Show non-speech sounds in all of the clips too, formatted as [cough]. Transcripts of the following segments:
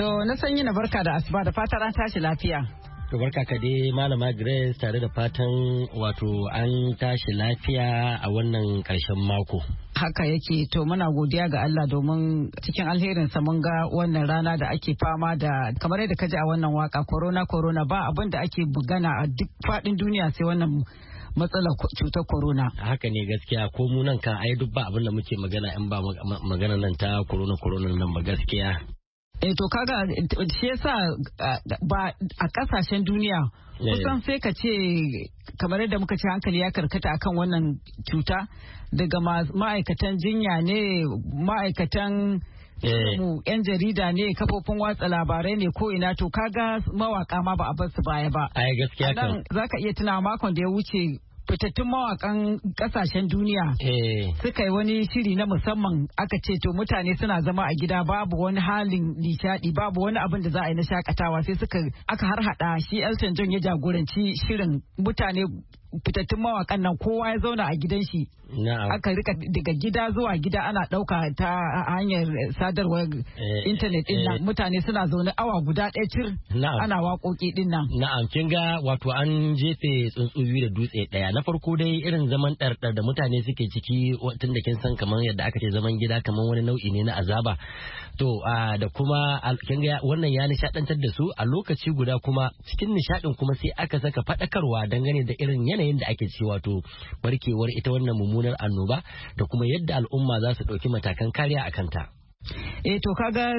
To na san yi na barka da asuba da fatan an tashi lafiya. To barka ka dai Malama Grace tare da fatan wato an tashi lafiya a wannan karshen mako. Haka yake to muna godiya ga Allah domin cikin alherinsa mun ga wannan rana da ake fama da kamar yadda kaji a wannan waka corona corona ba abin da ake gana a duk faɗin duniya sai wannan matsalar cutar corona. Haka ne gaskiya ko mu nan kan ai duk ba abin da muke magana in ba magana nan ta corona corona nan ba gaskiya. eh to kaga shi yasa ba a kasashen duniya kusan sai ka ce kamar yadda muka ce hankali ya karkata akan wannan cuta daga ma'aikatan jinya ne ma'aikatan mu yan jarida ne kafofin watsa labarai ne ko ina to kaga mawaka ma ba a bar su baya ba ai gaskiya kan zaka iya tuna makon da ya wuce fitattun mawakan kasashen duniya eh. suka yi wani shiri na musamman aka ce to mutane suna zama a gida babu wani halin nishadi babu wani abin da za a yi na shakatawa sai suka aka harhaɗa shi Elton John ya jagoranci shirin mutane fitattun mawakan nan kowa ya zauna a gidan shi aka rika daga gida zuwa gida ana ɗauka ta hanyar sadarwar eh, intanet din nan eh, eh. mutane suna zaune awa guda ɗaya cir ana waƙoƙi din nan na'am kin ga wato an jefe biyu da dutse ɗaya na farko dai irin zaman ɗarɗar da mutane suke ciki tun da kin san kamar yadda aka ce zaman gida kamar wani nau'i ne na azaba to da kuma kin ga wannan ya nishaɗantar da su a lokaci guda kuma cikin nishaɗin kuma sai aka saka faɗakarwa dangane da irin yanayi yanayin da ake cewa wato barkewar ita wannan mummunar annoba da kuma yadda al'umma za su ɗauki matakan kariya a kanta. Eh to kaga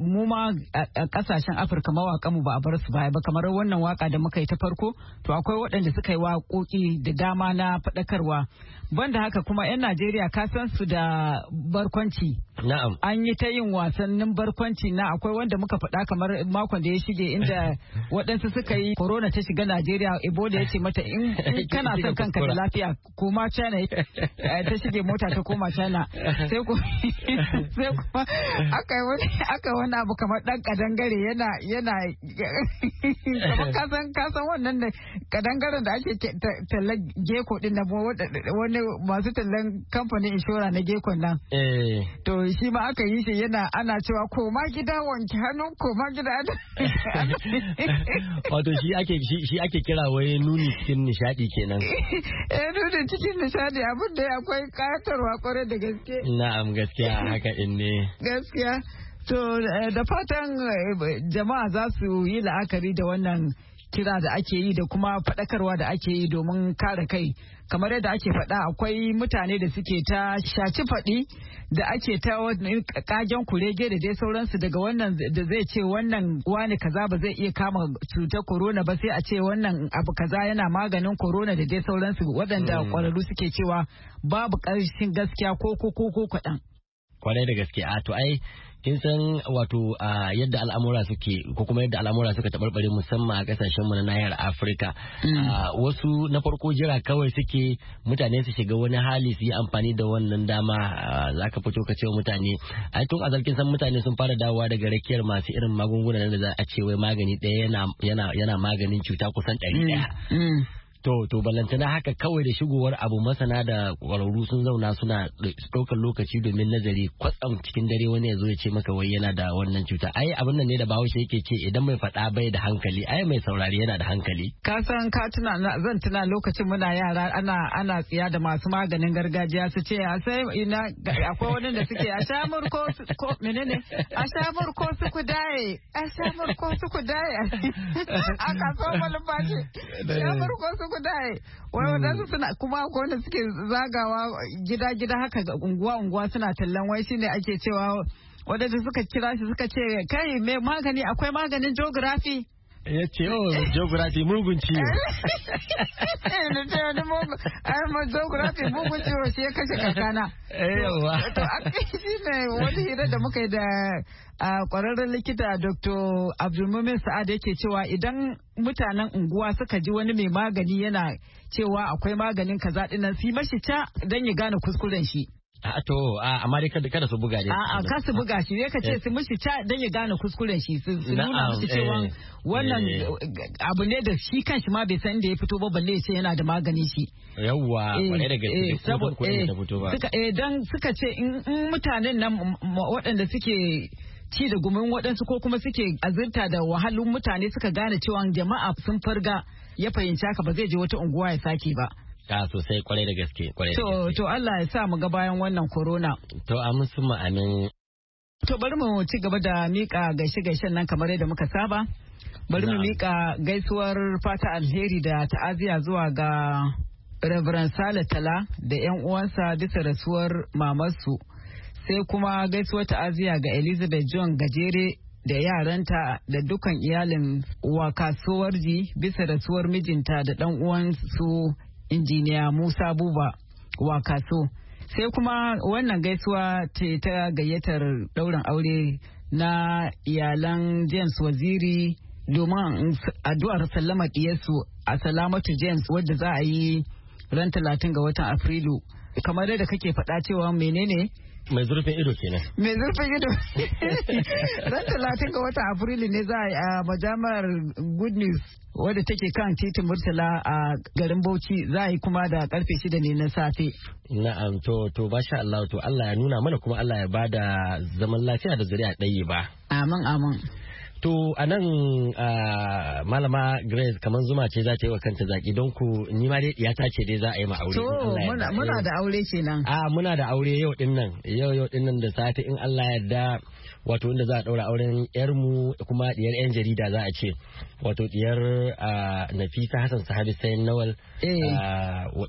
mu ma a kasashen Afirka mawaka mu ba a bar su baya ba kamar wannan waka da muka yi ta farko to akwai waɗanda suka yi waƙoƙi da dama na faɗakarwa banda haka kuma 'yan Najeriya ka san su da barkwanci. Na'am. An yi ta yin wasannin barkwanci na akwai wanda muka faɗa kamar makon da ya shige inda [laughs] waɗansu suka yi corona ta shiga Najeriya Ebola ya ce mata in [laughs] kana son kanka da lafiya koma China eh, ta shige mota ta koma China [laughs] sai ku aka wani abu kamar dan kadangare yana yana [laughs] kasan kasan wannan da kadangaren da ake tallan geko din na wani masu tallan kamfanin inshora na geko nan eh. to shi ma aka yi shi yana ana cewa koma gida wanke hannu koma gida [laughs] wato shi ake shi ake kira wai nuni cikin nishadi kenan [laughs] eh nuni cikin nishadi abin da akwai katarwa kwarai da gaske na'am gaskiya haka in ne gaskiya to eh, da fatan eh, jama'a za su yi la'akari da wannan kira da ake yi da kuma faɗakarwa da ake yi domin kare kai kamar yadda ake faɗa akwai mutane da suke ta shaci faɗi da ake ta kagen kurege da dai sauransu daga wannan da zai ce wannan wani kaza ba zai iya kama cutar corona ba sai a ce wannan abu kaza yana maganin corona da dai sauransu waɗanda kwararru mm. suke cewa babu ƙarshen gaskiya ko ko ko kaɗan. kwarai da gaske a to ai kin san wato yadda al'amura suke ko kuma yadda al'amura suka tabarbare musamman a kasashen mu na nahiyar Afirka mm. wasu na farko jira kawai suke mutane su shiga wani hali su yi amfani da wannan dama zaka fito ka ce mutane ai tun azal kin san mutane sun fara dawowa daga rakiyar masu irin magunguna da za a ce wai magani ɗaya yana yana maganin cuta kusan ɗari ɗaya mm. Mm. To, to ballantana haka kawai da shigowar abu masana da kwararru sun zauna suna ɗaukar lokaci domin nazari kwatsam cikin dare wani ya zo ya ce maka wai yana da wannan cuta. Ai abin nan ne da bahaushe yake ce idan mai faɗa bai da hankali, ai mai saurari yana da hankali. Ka san ka tuna zan tuna lokacin muna yara ana ana tsiya da masu maganin gargajiya su ce a sai ina akwai wani da suke a sha murko ko menene a sha murko su ku daye a sha murko su ku daye [laughs] a kasuwar malumfashi sha murko su kudaye wai hmm. wadansu suna kuma akwai wanda suke zagawa gida-gida haka ga unguwa-unguwa suna tallan wai shine ake cewa wadanda suka kira shi suka ce kai mai magani akwai maganin geography ya ce yau oh, geography mugun ciwo na ce wani mugun ai ma geography mugun ciwo shi ya kashe kakana yawa to a shi ne wani hira da muka yi da kwararren likita dr abdulmumin sa'ad yake cewa idan mutanen unguwa suka ji wani mai magani yana cewa akwai maganin kaza dinan su mashi ca don ya gane kuskuren shi A to, a amma dai kada kada su buga dai. A'a, ka su buga shi ne ka ce eh. su mishi ca dan ya gane kuskuren shi su nuna mishi cewa eh. wannan eh. abu ne da shi kanshi ma bai san da ya fito ba balle ce yana da magani shi. Yawwa, kwarai da gaske saboda da fito ba. Suka eh dan suka ce in mutanen nan waɗanda suke ci da gumin waɗansu ko kuma suke azurta da wahalun mutane suka gane cewa jama'a sun farga ya fahimci haka ba zai je wata unguwa ya sake ba. A sosai kwarai da gaske kwarai To to Allah ya sa mu ga bayan wannan corona. To amin amin. To bari mu ci gaba da mika gaishe-gaishen nan kamar yadda muka saba. Bari mu mika gaisuwar fata alheri da ta'aziya zuwa ga Reverend Sale Tala da 'yan uwansa bisa rasuwar mamarsu. Sai kuma gaisuwar ta'aziya ga Elizabeth John Gajere da yaranta da dukan iyalin wa kasuwar ji bisa rasuwar mijinta da ɗan uwansu injiniya Musa Buba wa kaso Sai kuma wannan gaisuwa ce ta gayyatar ɗaurin aure na iyalan James Waziri domin addu'ar sallama ɗiyarsu a salamatu James wadda za a yi ran talatin ga watan Afrilu. Kamar da kake faɗa cewa menene mai zurfin ido kenan. Mai zurfin ido. [laughs] Ran talatin ga wata Afrilu ne za a majamar Good News wadda take kan titin Murtala a garin Bauchi za a yi kuma da karfe shida ne na safe. Na'am to to basha Allah to Allah ya nuna mana kuma Allah ya bada zaman lafiya da zuriya ɗaya ba. Amin amin. To a nan malama Grace kamar zuma ce za ta yi wa kanta zaki don ku ni ma dai ta ce dai za a yi ma aure. To muna da aure kenan. A muna da aure yau din nan yau yau din nan da sati in Allah yarda wato inda za a daura auren yarmu kuma ɗiyar yan jarida za a ce wato diyar nafisa hassan sahabi sayan nawal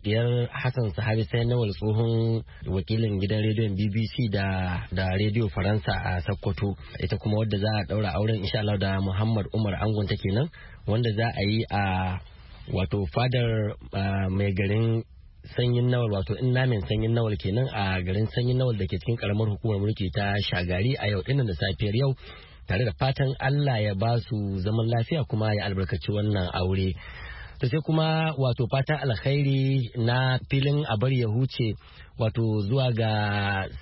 diyar eh. hassan sahabi sayan nawal tsohon wakilin gidan rediyon bbc da da rediyo faransa a sokoto ita kuma wadda za a daura auren insha Allah da muhammad umar angon ta kenan wanda za a yi a wato fadar mai garin sanyin nawal wato in namin sanyin nawal kenan a garin sanyin nawal da ke cikin karamar hukumar mulki ta shagari a yau dinnan da safiyar yau tare da fatan Allah ya ba su zaman lafiya kuma ya albarkaci wannan aure. To sai kuma wato fatan alkhairi na filin a bar ya huce wato zuwa ga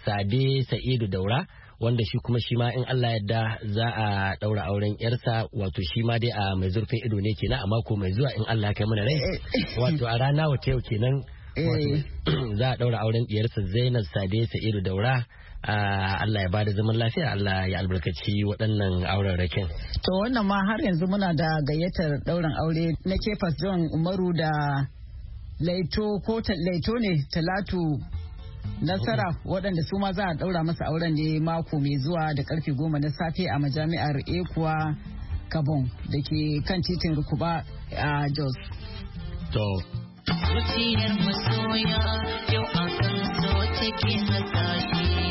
Sade Sa'idu Daura wanda shi kuma shi ma in Allah yadda za a daura auren yarsa wato shi ma dai a mai zurfin ido ne kenan a mako mai zuwa in Allah ya kai mana rai eh, eh. wato a rana wata yau kenan Eh, [clears throat] za a ɗaura auren diyarsa zainab sade sa'idu daura ah, Allah ya bada zaman lafiya Allah ya albarkaci waɗannan auren raken. To wannan ma har yanzu muna da gayyatar ɗaurin aure na Kefas John Umaru da Laito ko Laito ne Talatu Nasara waɗanda su ma za a ɗaura masa auren ne mako mai zuwa da karfe goma na safe a majami'ar Ekuwa Kabon da ke kan titin Rukuba a ah, Jos. To zuciyar masoya yau akan so take hasashe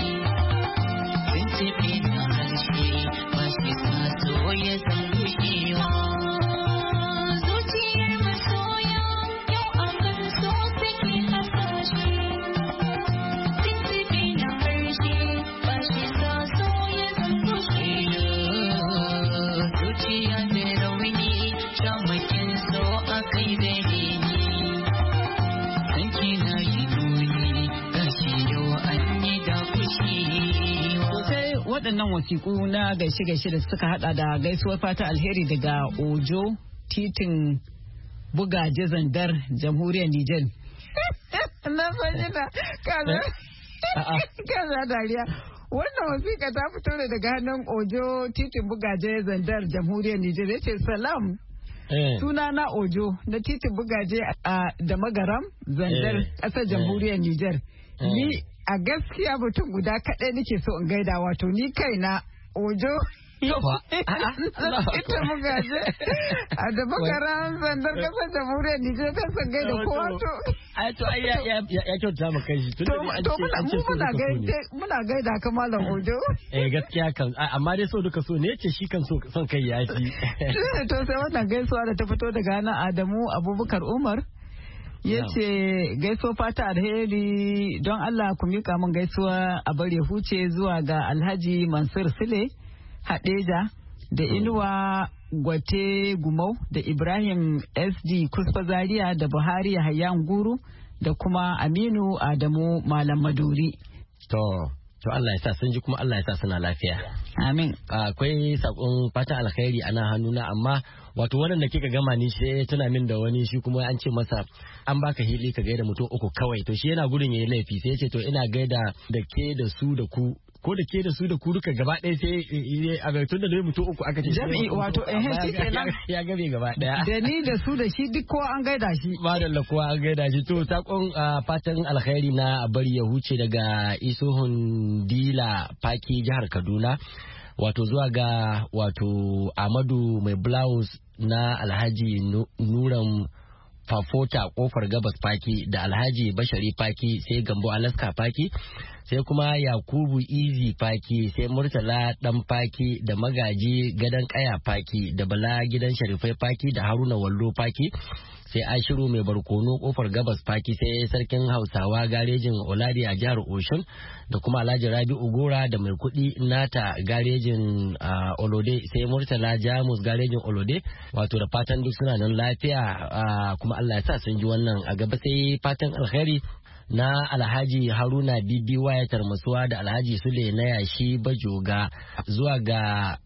waɗannan wasiƙu na gaishe-gaishe da suka hada da gaisuwar fata alheri daga ojo titin buga zandar jamhuriyar nijar [laughs] na fahimta kaza eh? [laughs] kaza dariya wannan wasiƙa ta fito ne daga hannun ojo titin bugaje zandar jamhuriyar nijar ya ce salam eh. suna na ojo na titin bugaje da magaram zandar eh. ƙasar jamhuriyar nijar ni a gaskiya mutum guda kaɗai nake so in gaida wato ni kaina ojo [laughs] ah, ah, ita mugaje a da bakaran zandar kasar jamhuriyar nijar ta gai da kowa to to ya kyauta mu kai shi to muna gaida muna gaida ka malam ojo [laughs] eh gaskiya kan amma dai so duka so ne ce shi kan so son kai ya ci [laughs] to sai wannan gaisuwa da ta fito daga hannun Adamu Abubakar Umar ya ce gaisuwa fata alheri don Allah ku mika min gaisuwa a bare huce zuwa ga alhaji mansur sile hadeja da hmm. inuwa gwate gumau da ibrahim sd kusfa zaria da buhari hayyan guru da kuma aminu adamu malam maduri to to Allah ya sa sun ji kuma Allah ya sa suna lafiya amin akwai sakon fata alheri ana hannuna amma wato wannan da kika gama ni sai tuna min da wani shi kuma an ce masa an baka hili ka gaida mutum uku kawai to shi yana gudun yayi laifi sai ya ce to ina gaida da ke da su da ku ko da ke da su da ku duka gaba ɗaya sai a bai tun da dai mutum uku aka ce jami'i wato eh shi kenan ya gabe gaba ɗaya da ni da su da shi duk ko an gaida shi [laughs] madalla lakuwa an gaida shi to sakon ah, fatan alkhairi na bari ya huce daga isuhun dila faki jihar kaduna wato zuwa ga wato amadu mai blouse na alhaji nuran fafota kofar gabas faki da alhaji bashari faki sai gambo alaska faki sai kuma yakubu izi faki sai murtala dan faki da magaji gadan kaya faki da bala gidan sharifai faki da haruna wallo faki sai ashiru mai barkono kofar gabas faki sai sarkin hausawa garejin oladi a jihar oshun da kuma alhaji Rabi'u ugora da mai kudi nata garejin olode sai murtala jamus garejin olode wato da fatan duk suna nan lafiya kuma allah ya sa sun ji wannan a gaba sai fatan alheri na alhaji haruna bibi ya tarmasuwa da alhaji sule na yashi bajoga zuwa ga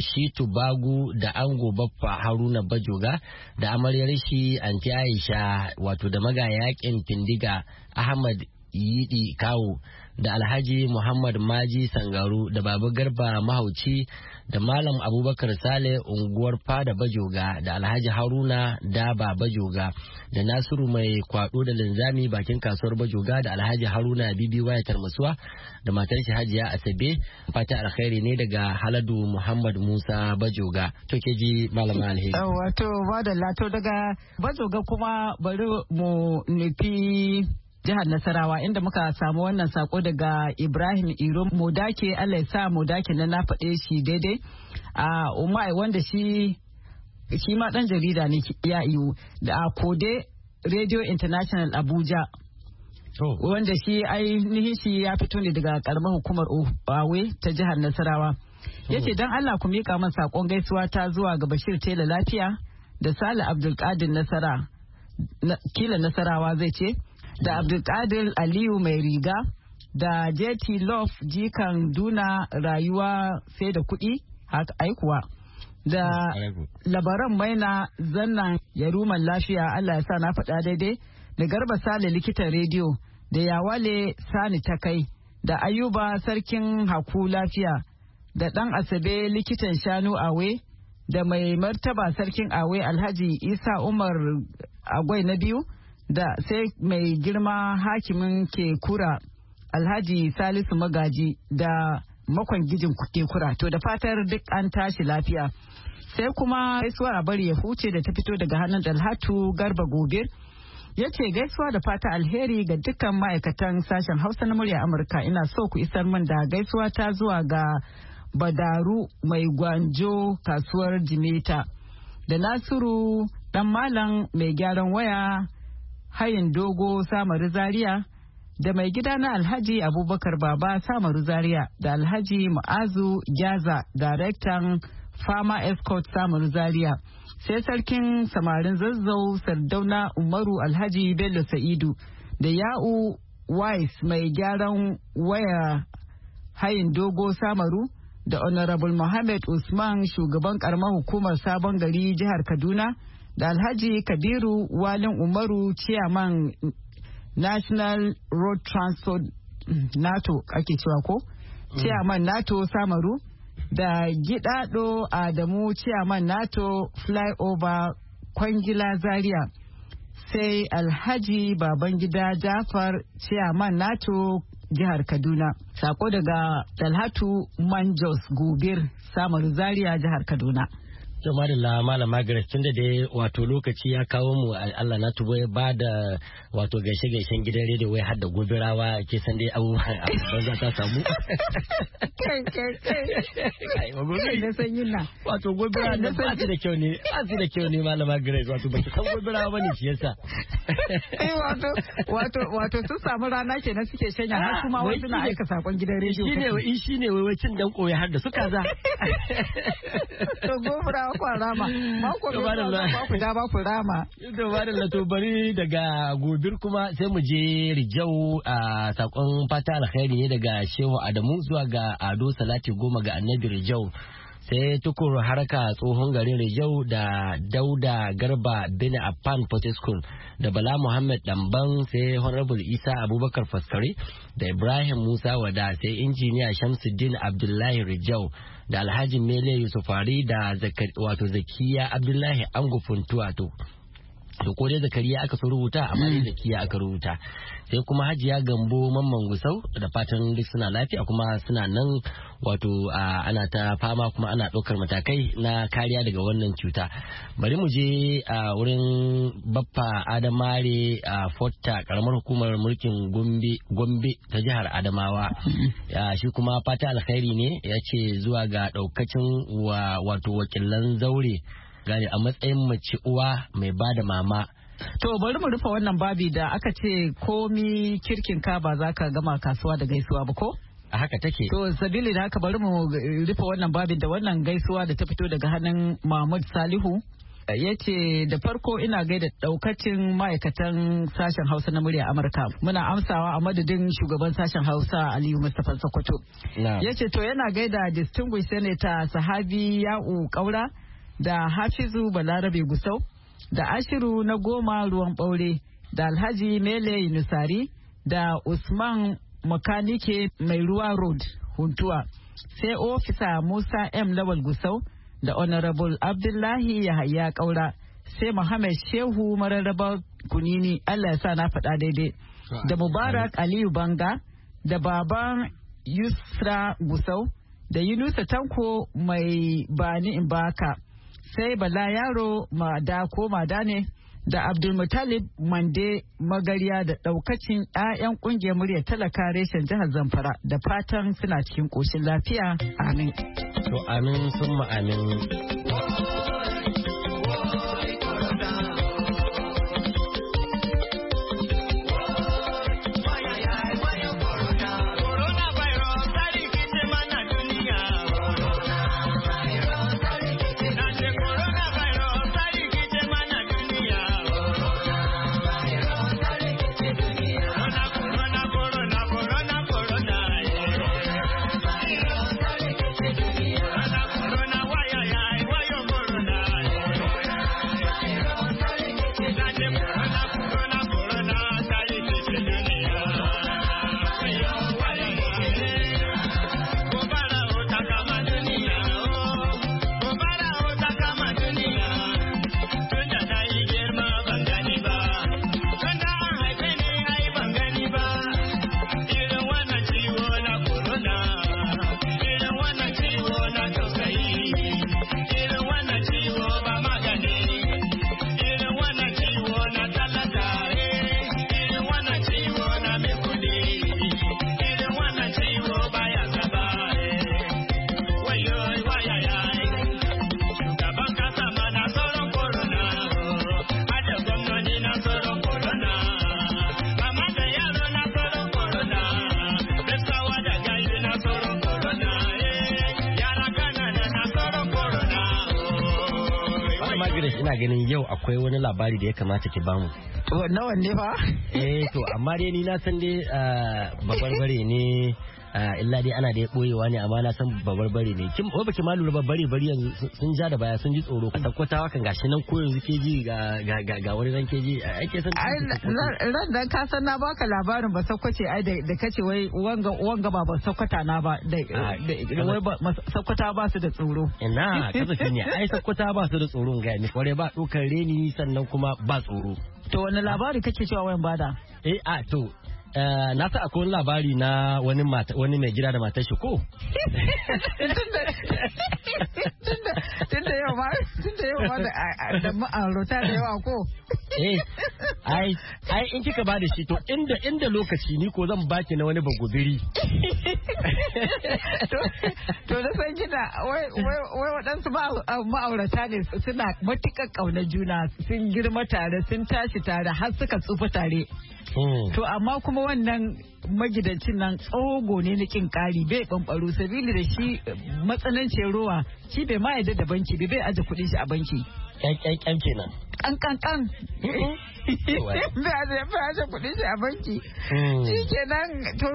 shi tubagu da ango baffa haruna bajoga da amaryar shi anti aisha wato da magayakin findiga ahmad yidi kawo da Alhaji Muhammad Maji Sangaru da Babu Garba Mahauci da Malam Abubakar Sale unguwar Fada Bajoga da Alhaji Haruna Daba Bajoga da Nasiru Mai Kwado da Linzami bakin kasuwar Bajoga da Alhaji Haruna Bibi waya tarmasuwa da matar shi Hajiya Asabe fata alkhairi ne daga Haladu Muhammad Musa Bajoga to ke ji malama alheri wato ba lato daga Bajoga kuma bari mu nufi jihar Nasarawa inda muka samu wannan sako daga Ibrahim Iro Modake Allah ya sa Modake na na faɗe shi daidai a Umai wanda shi shi ma ɗan jarida ne ya iyo da Kode Radio International Abuja. Wanda shi ainihin shi ya fito ne daga karamar hukumar Owe ta jihar Nasarawa. Yace dan Allah ku mika min sakon gaisuwa ta zuwa ga Bashir Tela Lafiya da Sale Abdulkadir Nasara. Kila Nasarawa zai ce, da Abdulkadir Aliyu mai riga da JT Love jikan duna rayuwa sai da kuɗi haka aikuwa. Da mm, labaran maina zannan yaruman lafiya Allah ya sa na faɗa daidai da garba sale likitan rediyo da yawale sani ta kai. da ayuba sarkin haku lafiya da ɗan asabe likitan shanu awe da mai martaba sarkin awe alhaji isa umar agwai na biyu da sai mai girma hakimin ke kura alhaji salisu magaji da makon gijin ke kura to da fatar duk an tashi lafiya sai kuma gaisuwa a bari ya huce da ta fito daga hannun dalhatu garba gobe. ya ce gaisuwa da fata alheri ga dukkan ma'aikatan sashen hausa na murya amurka ina so ku isar min da gaisuwa ta zuwa ga badaru mai gwanjo kasuwar jimeta da nasiru dan malam mai gyaran waya hayin dogo samaru zaria da mai gida na alhaji abubakar baba samaru zaria da alhaji ma'azu gyaza daraktan fama escort samaru zaria sai sarkin samarin zazzau sardauna umaru alhaji bello sa'idu da ya'u wise mai gyaran waya hayin dogo samaru da honorable mohammed usman shugaban karamar hukumar sabon gari jihar kaduna da Alhaji Kabiru Walin Umaru Chairman National Road Transport NATO ake cewa ko? Mm. Chairman NATO Samaru da Gidado Adamu Chairman NATO Flyover Kwangila Zaria. Sai Alhaji Babangida Jafar Chairman NATO jihar Kaduna. Sako daga Talhatu Manjos Gubir Samaru Zaria jihar Kaduna. To madalla malama Grace tunda da wato lokaci ya kawo mu Allah na tuba ya ba da wato gaishe gaishen gidan rediyo wai hada da gobirawa ke san dai abubuwan abubuwan za ta samu. Na san yin Wato gobirawa na san da kyau ne ba su da kyau ne malam Grace wato baki san gobirawa ne shi yasa. Eh, wato wato wato sun samu rana kenan suke shanya har kuma ah, wai suna aika sakon gidan rediyo. Shine wai shine wai cin dan koyi har da suka za. [laughs] To gobirawa ku rama mako mai ba ku da ba ku rama to ba da to bari daga gobir kuma sai mu je rijau a sakon fata alkhairi ne daga shehu adamu zuwa ga ado salati goma ga annabi rijau sai tukur harka tsohon garin Rijau da Dauda Garba bin Affan School da Bala Muhammad Damban sai Honorable Isa Abubakar Faskari da Ibrahim Musa Wada sai Injiniya Shamsuddin Abdullahi Rijau da Alhaji Mele Yusufari da wato Zakiya Abdullahi Angu Funtuwato. to ko dai zakariya aka so rubuta amma dai hmm. zakiya aka rubuta sai kuma hajiya gambo mamman gusau da fatan duk suna lafiya kuma suna nan wato ana ta fama kuma ana ɗaukar matakai na kariya daga wannan cuta bari mu je a wurin baffa adamare a fotta karamar hukumar mulkin gombe ta jihar adamawa hmm. shi kuma fata alkhairi ne ya ce zuwa ga ɗaukacin wato wakilan zaure gani a matsayin mace uwa mai ba da mama To bari mu rufe wannan babi da aka ce komi kirkin ka ba za ka gama kasuwa da gaisuwa ba ko? A haka take. To sabili da haka bari mu rufe wannan babin da wannan gaisuwa da ta fito daga hannun Mahmud Salihu. ya ce da farko ina gaida daukacin ma'aikatan sashen hausa na murya amurka muna amsawa a madadin shugaban sashen hausa aliyu mustapha sokoto ya ce to yana gaida distinguished senator sahabi ya'u kaura da hafizu balarabe gusau da ashiru na goma ruwan ɓaure da alhaji mele nusari da usman makanike mai ruwa road huntuwa sai ofisa musa m lawal gusau da honorable abdullahi yahaya kaura sai muhammad shehu mararraba kunini allah ya sa na faɗa daidai da mubarak aliyu banga da baban yusra gusau da yunusa tanko mai bani in sai bala yaro mada ko mada ne da abdulmutalib mande magarya da daukacin 'ya'yan ƙungiyar murya talaka reshen jihar zamfara da fatan suna cikin koshin lafiya amin to amin sun ma'amin akwai wani labari da ya kamata ki bamu nawa ne fa eh to amma dai ni na san dai ah, bare ne Ah, illa dai ana da ya boyewa ne amma na san babarbare ne kin ba ki ma lura babbare bari yanzu sun ja da baya sun ji tsoro ka tabbatawa kan gashi nan ko yanzu ke ji ga ga ga wani ran ke ji ake san ran dan ka san na baka labarin ba sakkwace ai da kace wai wanga wanga ba ba sakkwata na ba da ah, wai sakkwata ba su da tsoro ina kaza ne ai sakkwata ba su da tsoro ga ni kware ba dokar reni sannan kuma ba tsoro to wani labari kake cewa wayan bada eh a to Eh, na sa akwai labari na wani wani mai gida da matar shi ko tunda yau ma tunda yau ma da ma'arota da yawa ko eh ai ai in kika ba da shi to inda inda lokaci ni ko zan baki na wani bagubiri to na san kina wai wai waɗansu ma'aurata ne suna matuƙar ƙaunar juna sun girma tare sun tashi tare har suka tsufa tare hmm. to amma kuma wannan magidancin nan tsogo ne na kin kari bai bambaro sabili da shi eh, matsanancin ruwa shi bai ma yadda da banki bai aje kudin shi a banki Kyankyankyan kenan. kan. Da da ya fashe kuɗin shi a banki. Mm. Shi kenan to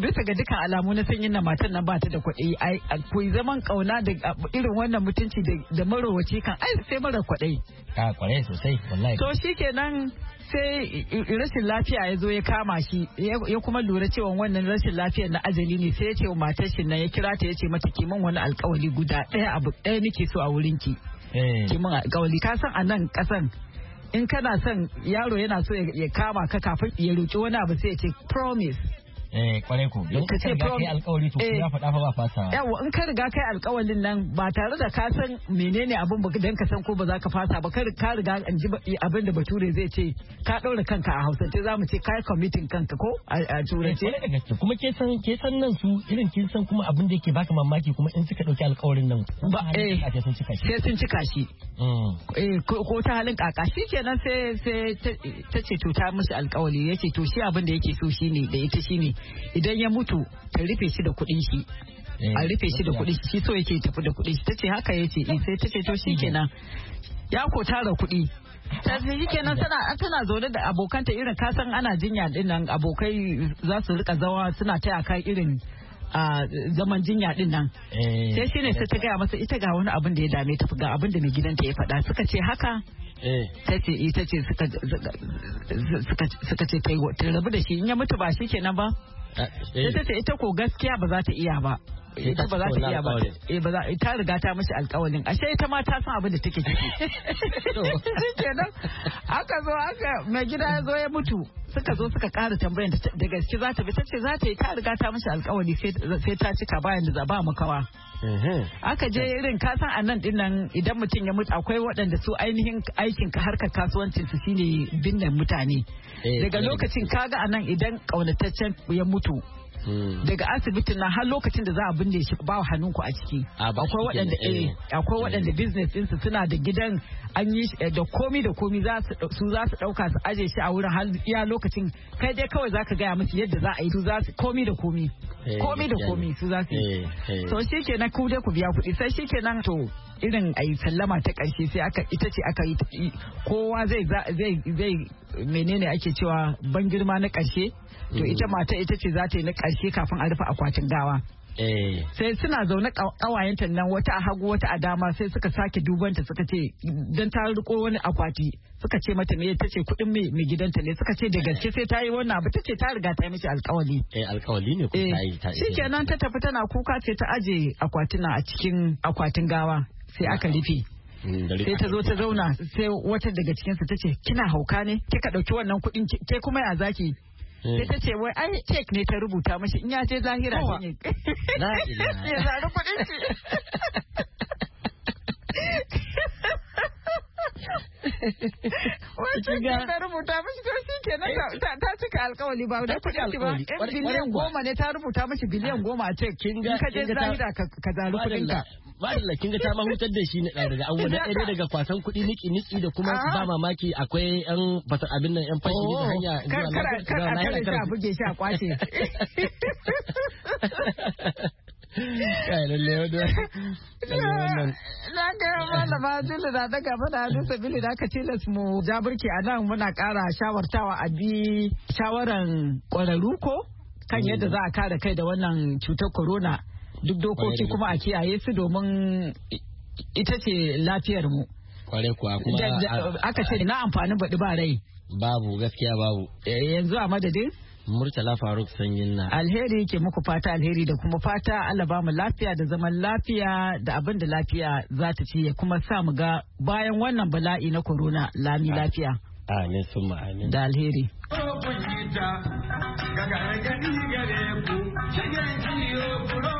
bisa ga duka alamu na sanyin na matan nan bata ta da kuɗi. Akwai zaman kauna da irin wannan mutunci da marowaci kan ai sai mara kuɗi. Ka ah, kwarai sosai wallahi. To shi kenan sai rashin lafiya ya zo ya kama shi ya kuma lura cewa wannan rashin lafiya na ajali ne sai ya ce wa matar shi nan ya kira ta ya ce mata kiman wani alƙawari guda ɗaya abu ɗaya nake so a wurinki. ki. Eh. ki mun ka san anan nan ƙasan in kana son yaro yana so ya kama ka kafin ya roki wani abu sai ya ce promise eh kwarai ko in ka ce kai alkawari to eh. ya faɗa fa ba fasa yawa in ka riga kai alkawalin nan ba tare da ka san menene abin ba dan ka san ko ba za ka fasa ba ka riga an ji eh, abin da bature zai ce ka daura kanka a hausance za zamu ce ka yi committing kanka ko a eh, turance kuma ke san ke san nan su irin kin san kuma abin da yake baka mamaki kuma in suka dauki alkawarin nan ba eh sai sun cika shi sai sun cika shi mm. eh ko ta halin kaka shi kenan sai sai ta ce to ta musu alkawari yace to shi abin da yake so shine da ita shine idan ya mutu ta rufe shi da kuɗin shi eh, a rufe shi da kuɗi shi so yake tafi da kuɗi ta ce haka ya ce eh, sai ta ce to shi kenan ya ko tara kuɗi ta ce shi kenan tana tana zaune da abokanta irin kasan ana jinya dinnan abokai za su rika zawa suna taya ka irin a zaman jinya din nan eh. sai shi ne sai ta gaya masa ita ga wani abin da ya dame ta ga abin da mai gidanta ya faɗa suka ce haka eh. ta ce ita eh, ce suka ce ta rabu da shi in ya mutu ba shi kenan ba ta ce ita ko gaskiya ba za ta iya ba Eh, ita ba za ta iya ba eh ba za eh, ta riga ta mishi alƙawarin ashe ita ma ta san abin da take ciki [laughs] kenan aka zo aka mai gida ya zo ya mutu suka zo suka ƙara tambayan da gaske za ta bi ta ce za ta yi ta riga ta mishi alƙawari sai ta cika bayan da ba makawa mhm. aka je irin kasan a nan idan mutum ya mutu akwai waɗanda su ainihin aikin harkar kasuwancin su shine binne mutane eh, daga lokacin kaga a nan idan ƙaunataccen ya mutu Hmm. daga asibitin na har lokacin da za a binne shi ba hannun ku a ciki akwai waɗanda eh, eh akwai waɗanda hmm. business ɗinsu suna da gidan an yi eh, da komi da komi su za su ɗauka su aje shi a wurin har iya lokacin kai dai kawai za ka gaya musu yadda za a yi su za su komi da komi eh, komi da komi su za su yi so shi kenan ku dai ku biya kuɗi sai shi kenan to irin a yi sallama ta ƙarshe sai aka ita ce aka yi kowa zai zai menene ake cewa ban girma na ƙarshe to ita mm. mata ita ce za ta yi na ƙarshe kafin a rufe akwatin gawa eh. sai suna zaune ƙawayenta nan wata a hagu wata a dama sai suka sake dubanta suka ce don ta riko wani akwati suka ce mata me ta ce kuɗin mai gidanta ne suka ce da gaske sai ta yi wannan abu ta ce ta riga ta yi mishi alƙawali eh alƙawali ne ko ta eh. yi ta shi kenan ta tafi tana kuka sai ta aje akwatina a cikin akwatin gawa sai aka rufe mm, sai ta zo ta zauna sai wata daga cikinsu ta ce kina hauka ne ka ɗauki wannan kuɗin ke kuma ya zaki mm. sai ta ce wai ai cek ne ta rubuta mashi in ya ce zahira ne ya zari kuɗin ce Wace ke ta rubuta mashi to shi ke eh. ta cika alkawali ba da kuɗin ba. Biliyan goma ne ta rubuta mashi biliyan goma a cek. Kin ka je zahira ka zaru kuɗin ka. madalla kin ga ta mahutar da shi na ɗaya daga an wani ɗaya daga kwasan kuɗi niki nitsi da kuma ah. ba mamaki akwai yan batar abin nan yan fashi da oh, hanya zuwa lafiya kar kar kar buge shi a kwace kai lalle wannan na ga malama Juli na daga mana hannun sabili da aka tilas mu jaburki a nan muna ƙara shawartawa a bi shawaran ƙwararru ko kan yadda za a kare kai da wannan cutar corona duk dokoki kuma a kiyaye su domin ita ce lafiyar mu kware kuwa kuma aka ce na amfanin baɗi ba rai babu gaskiya babu eh, yanzu a madadin Murtala Faruk Sanyin na. Alheri ke muku fata alheri da kuma fata Allah ba mu lafiya da zaman lafiya da abin da lafiya za ta ci ya kuma sa mu ga bayan wannan bala'i na corona lami lafiya. Amin summa amin. Da alheri. Ko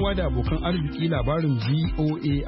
uwa da abokan arziki labarin VOA